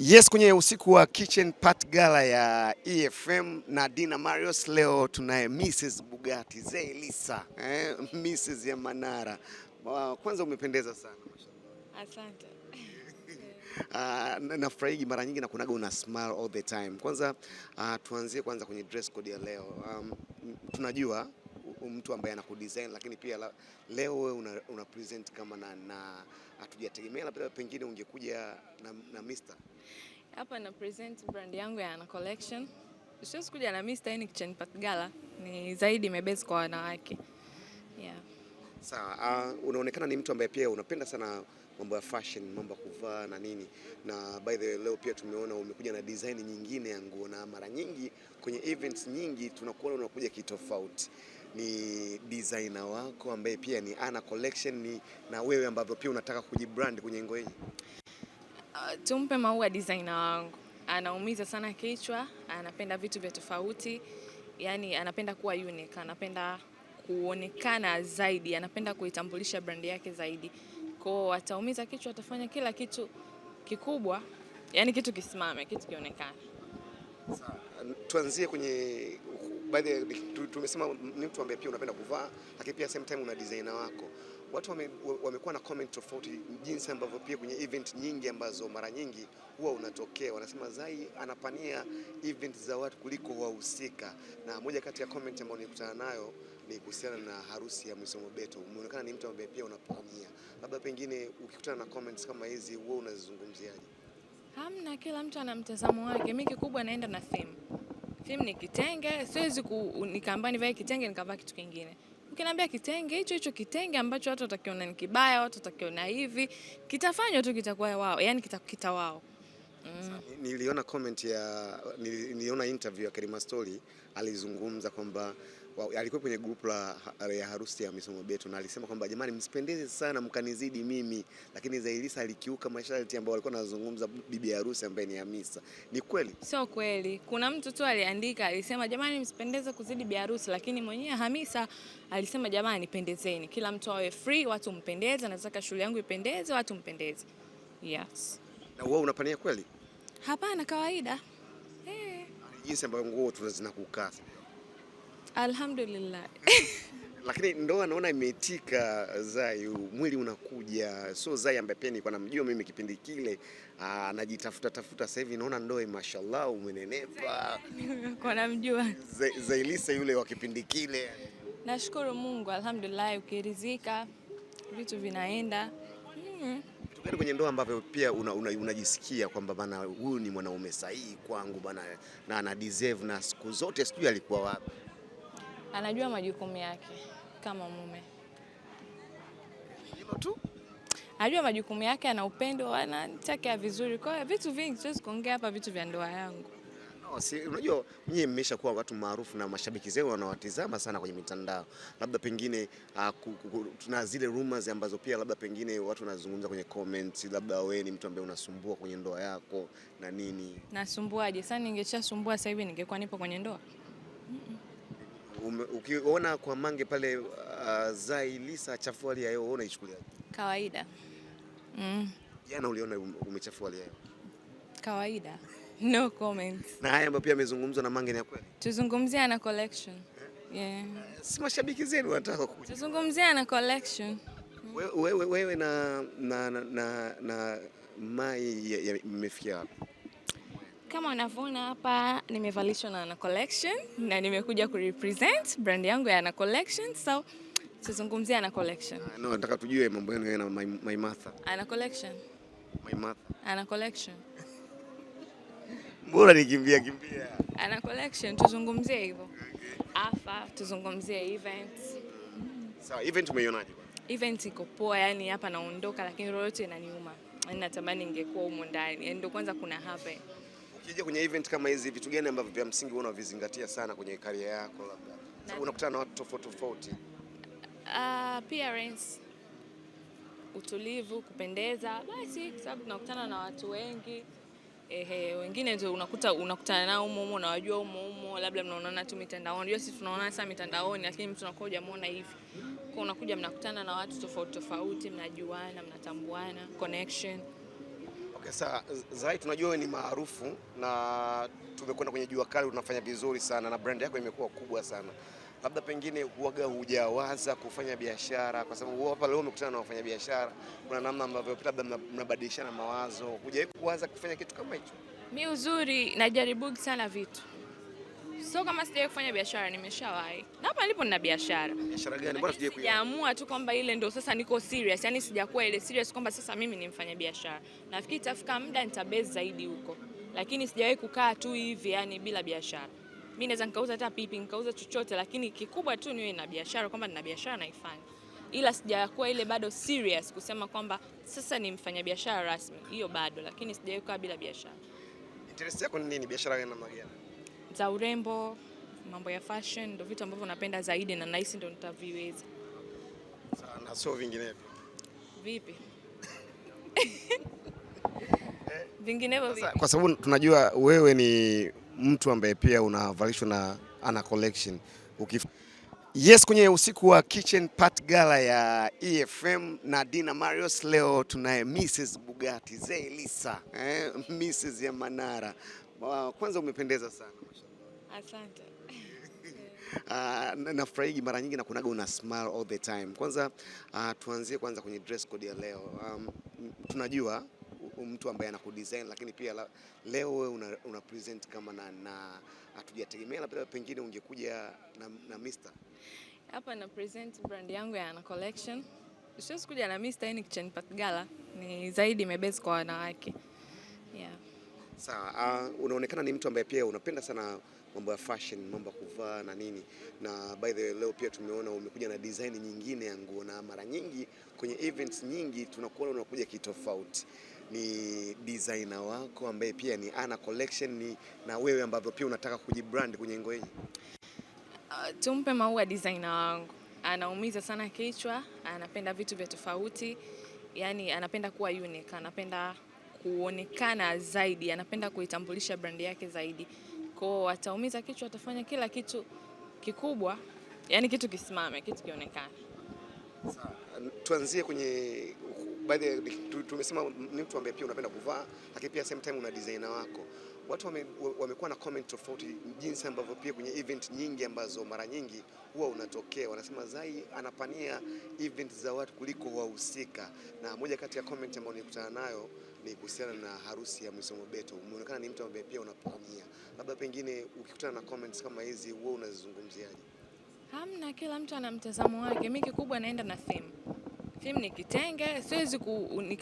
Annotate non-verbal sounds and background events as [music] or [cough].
Yes, kwenye usiku wa kitchen party gala ya EFM na Dina Marios, leo tunaye Mrs. Bugatti Zelisa, eh, Mrs. ya Manara. Kwanza umependeza sana mashallah. Asante. Uh, [laughs] ah, nafurahiji mara nyingi na kunaga una smile all the time. Kwanza uh, tuanzie kwanza kwenye dress code ya leo. Um, tunajua mtu ambaye anakudesign lakini pia la, leo wewe una, una present kama na, na hatujategemea, labda pengine ungekuja na, na Mr. Hapa na present brand yangu ya na Collection. Siwezi kuja na Mr. ni yaani kitchen patgala ni zaidi imebase kwa wanawake. Yeah. Sawa, uh, unaonekana ni mtu ambaye pia unapenda sana mambo ya fashion, mambo ya kuvaa na nini, na by the way leo pia tumeona umekuja na design nyingine ya nguo, na mara nyingi kwenye events nyingi tunakuona unakuja kitofauti ni designer wako ambaye pia ni ana collection ni na wewe ambavyo pia unataka kujibrand kwenye engo hii? Uh, tumpe maua designer wangu, anaumiza sana kichwa, anapenda vitu vya tofauti, yani anapenda kuwa unique, anapenda kuonekana zaidi, anapenda kuitambulisha brand yake zaidi. Kwao ataumiza kichwa, atafanya kila kitu kikubwa, yani kitu kisimame, kitu kionekane. Tuanzie kwenye by the tumesema ni mtu ambaye pia unapenda kuvaa, lakini pia same time una designer wako. Watu wamekuwa wame na comment tofauti jinsi ambavyo pia kwenye event nyingi ambazo mara nyingi huwa unatokea, wanasema Zai anapania event za watu kuliko wahusika, na moja kati ya comment ambayo nilikutana nayo ni kuhusiana na harusi ya Mwiso Mobetto. Umeonekana ni mtu ambaye pia unapania, labda pengine ukikutana na comments kama hizi, wewe unazizungumziaje? Hamna, kila mtu ana mtazamo wake. Mimi kikubwa naenda na theme Film ni kitenge, siwezi nikaambia nivae kitenge nikavaa kitu kingine. Ukiniambia kitenge hicho hicho kitenge ambacho watu watakiona ni kibaya, watu watakiona hivi, kitafanywa tu kitakuwa wao, yani kitakita wao. Mm. Niliona comment ya niliona interview ya Kerima Story alizungumza kwamba alikuwa kwenye grupu la ya harusi ya Misomo Betu na alisema kwamba jamani, msipendeze sana mkanizidi mimi, lakini Zailisa alikiuka masharti ambayo alikuwa anazungumza bibi harusi ambaye ni Hamisa. Ni kweli? Sio kweli. Kuna mtu tu aliandika, alisema jamani, msipendeze kuzidi bibi harusi, lakini mwenyewe Hamisa alisema jamani, pendezeni, kila mtu awe free, watu mpendeze, nataka shule yangu ipendeze, watu mpendeze. Yes. Na wewe unapania kweli? Hapana, kawaida. Eh. Hey. Jinsi ambavyo nguo tunazinakukaa. Alhamdulillah. [laughs] Lakini ndoa naona imeitika Zai, mwili unakuja. So Zai ambaye pia nilikuwa namjua mimi kipindi kile ah, anajitafuta tafuta, sasa hivi naona ndoa, mashallah, umenenepa. Kwa namjua Zailisa yule wa kipindi kile. Nashukuru Mungu, alhamdulillah, ukirizika vitu vinaenda mm. kwenye ndoa ambavyo pia unajisikia una, una kwamba bana, huyu ni mwanaume sahihi kwangu bana, na ana deserve na siku zote, sijui alikuwa wapi anajua majukumu yake kama mume tu anajua majukumu yake, ana upendo, anachakea vizuri. Kwa hiyo vitu vingi siwezi kuongea hapa, vitu vya ndoa yangu. No, si unajua nyinyi kuwa watu maarufu na mashabiki zenu wanawatizama sana kwenye mitandao, labda pengine uh, tuna zile rumors ambazo pia labda pengine watu wanazungumza kwenye comments, labda we ni mtu ambaye unasumbua kwenye ndoa yako na nini. Nasumbuaje? Sasa ningeshasumbua sasa hivi ningekuwa nipo kwenye ndoa? ukiona kwa Mange pale uh, Zailisa chafu hali ya hewa unaichukuliaje? Kawaida. Mm. Jana uliona umechafua hali ya hewa? Kawaida. [laughs] No comment. Na haya ambayo pia amezungumzwa na Mange ni ya kweli? Tuzungumzie ana collection. Eh? Yeah. Si mashabiki zenu wanataka kuja. Tuzungumzie ana collection. Wewe we, we, we na, na, na, na, na Mai mmefikia wapi? Kama unavyoona hapa nimevalishwa na Ana Collection na nimekuja kurepresent brand yangu ya Ana Collection so tuzungumzie Ana Collection. Uh, No, nataka tujue mambo yenu my Maimartha. Ana Collection. My Maimartha. Ana Collection. Bora nikimbia kimbia? Ana Collection tuzungumzie hivyo. Okay. Afa tuzungumzie event. Sawa, event umeionaje bwana? Event iko poa, yani hapa naondoka lakini roho yote inaniuma. Natamani ningekuwa humo ndani. Ndio kwanza kuna hapa. Ukija kwenye event kama hizi, vitu gani ambavyo vya msingi wewe unavizingatia sana kwenye karia yako, labda sababu unakutana na watu tofauti tofauti? Uh, appearance, utulivu, kupendeza, basi kwa sababu tunakutana na watu wengi. Ehe, wengine ndio unakuta unakutana nao humo humo, unawajua humo humo, labda mnaonana tu mitandaoni. Unajua sisi tunaonana sana mitandaoni, lakini mtu unakuwa hujamuona hivi. Kwa unakuja mnakutana na watu tofauti tofauti, mnajuana, mnatambuana, connection sasa Zai, tunajua ni maarufu na tumekwenda kwenye jua kali, unafanya vizuri sana na brand yako imekuwa kubwa sana. Labda pengine huaga hujawaza kufanya biashara, kwa sababu hapa leo umekutana na biashara, kuna namna ambavyo labda mnabadilishana mawazo. Hujawahi kuwaza kufanya kitu kama hicho? Mi uzuri najaribu sana vitu So kama sijawahi kufanya biashara, nimeshawahi. Na hapa nilipo nina biashara. Biashara gani? Mbona sijawahi kuiona? Niamua tu kwamba ile ndio sasa niko serious, yani sijakuwa ile serious kwamba sasa mimi ni mfanya biashara. Nafikiri itafika muda nitabase zaidi huko, lakini sijawahi kukaa tu hivi yani bila biashara. Mimi naweza nikauza hata pipi, nikauza chochote, lakini kikubwa tu niwe na biashara, kwamba nina biashara naifanya, ila sijakuwa ile bado serious kusema kwamba sasa ni mfanya biashara rasmi, hiyo bado, lakini sijawahi kukaa bila biashara. Interest yako ni nini? Biashara ya namna gani? za urembo, mambo ya fashion, ndio vitu ambavyo napenda zaidi na nahisi ndio nitaviweza. Sana, sio vinginevyo. Vipi? [laughs] Vinginevyo vipi? Kwa sababu tunajua wewe ni mtu ambaye pia unavalishwa na ana collection Ukif Yes, kwenye usiku wa Kitchen Party Gala ya EFM na Dina Marios, leo tunaye Mrs Bugatti Zelisa, eh, Mrs ya Manara kwanza umependeza sana mashallah. Asante. Uh, [laughs] nafurahi mara nyingi nakunaga una smile all the time. Kwanza uh, tuanzie kwanza kwenye dress code ya leo. Um, tunajua mtu ambaye anakudesign lakini pia la, leo wewe una, una present kama na na hatujategemea labda pengine ungekuja na, na Mr. Hapa na present brand yangu ya Ana Collection. Siwezi kuja na Mr. ni yaani kitchen pat gala ni zaidi imebase kwa wanawake. Yeah. Sawa, uh, unaonekana ni mtu ambaye pia unapenda sana mambo ya fashion, mambo ya kuvaa na nini, na by the way leo pia tumeona umekuja na design nyingine ya nguo, na mara nyingi kwenye events nyingi tunakuona unakuja kitofauti. Ni designer wako ambaye pia ni ana collection ni na wewe ambavyo pia unataka kujibrand kwenye nguo hii? Uh, tumpe maua designer wangu, anaumiza sana kichwa, anapenda vitu vya tofauti, yani anapenda kuwa unique, anapenda kuonekana zaidi, anapenda kuitambulisha brandi yake zaidi. Kwao wataumiza kichwa, atafanya kila kitu kikubwa, yani kitu kisimame, kitu kionekane. tuanzie kwenye baadhi, tumesema ni mtu ambaye pia unapenda kuvaa, lakini pia same time una designer wako watu wame, wamekuwa na comment tofauti jinsi ambavyo pia kwenye event nyingi ambazo mara nyingi huwa unatokea, wanasema Zai anapania event za watu kuliko wahusika, na moja kati ya comment ambayo nilikutana nayo ni kuhusiana na harusi ya Mwiso Beto. Umeonekana ni mtu ambaye pia unapania, labda pengine ukikutana na comments kama hizi wewe unazizungumziaje? Hamna, kila mtu ana mtazamo wake. Mimi kikubwa naenda na theme. Theme ni kitenge, siwezi ku